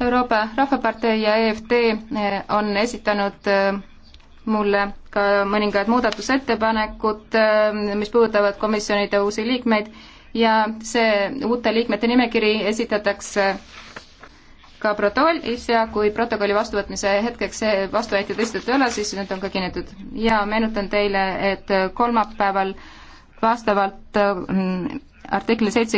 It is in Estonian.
Euroopa Rahvapartei ja EFD eh, on esitanud eh, mulle ka mõningad muudatusettepanekud, eh, mis puudutavad komisjonide uusi liikmeid ja see uute liikmete nimekiri esitatakse ka protokollis ja kui protokolli vastuvõtmise hetkeks vastuväiteid esitatud ei ole, siis need on ka kinnitatud. ja meenutan teile, et kolmapäeval vastavalt artikli seitse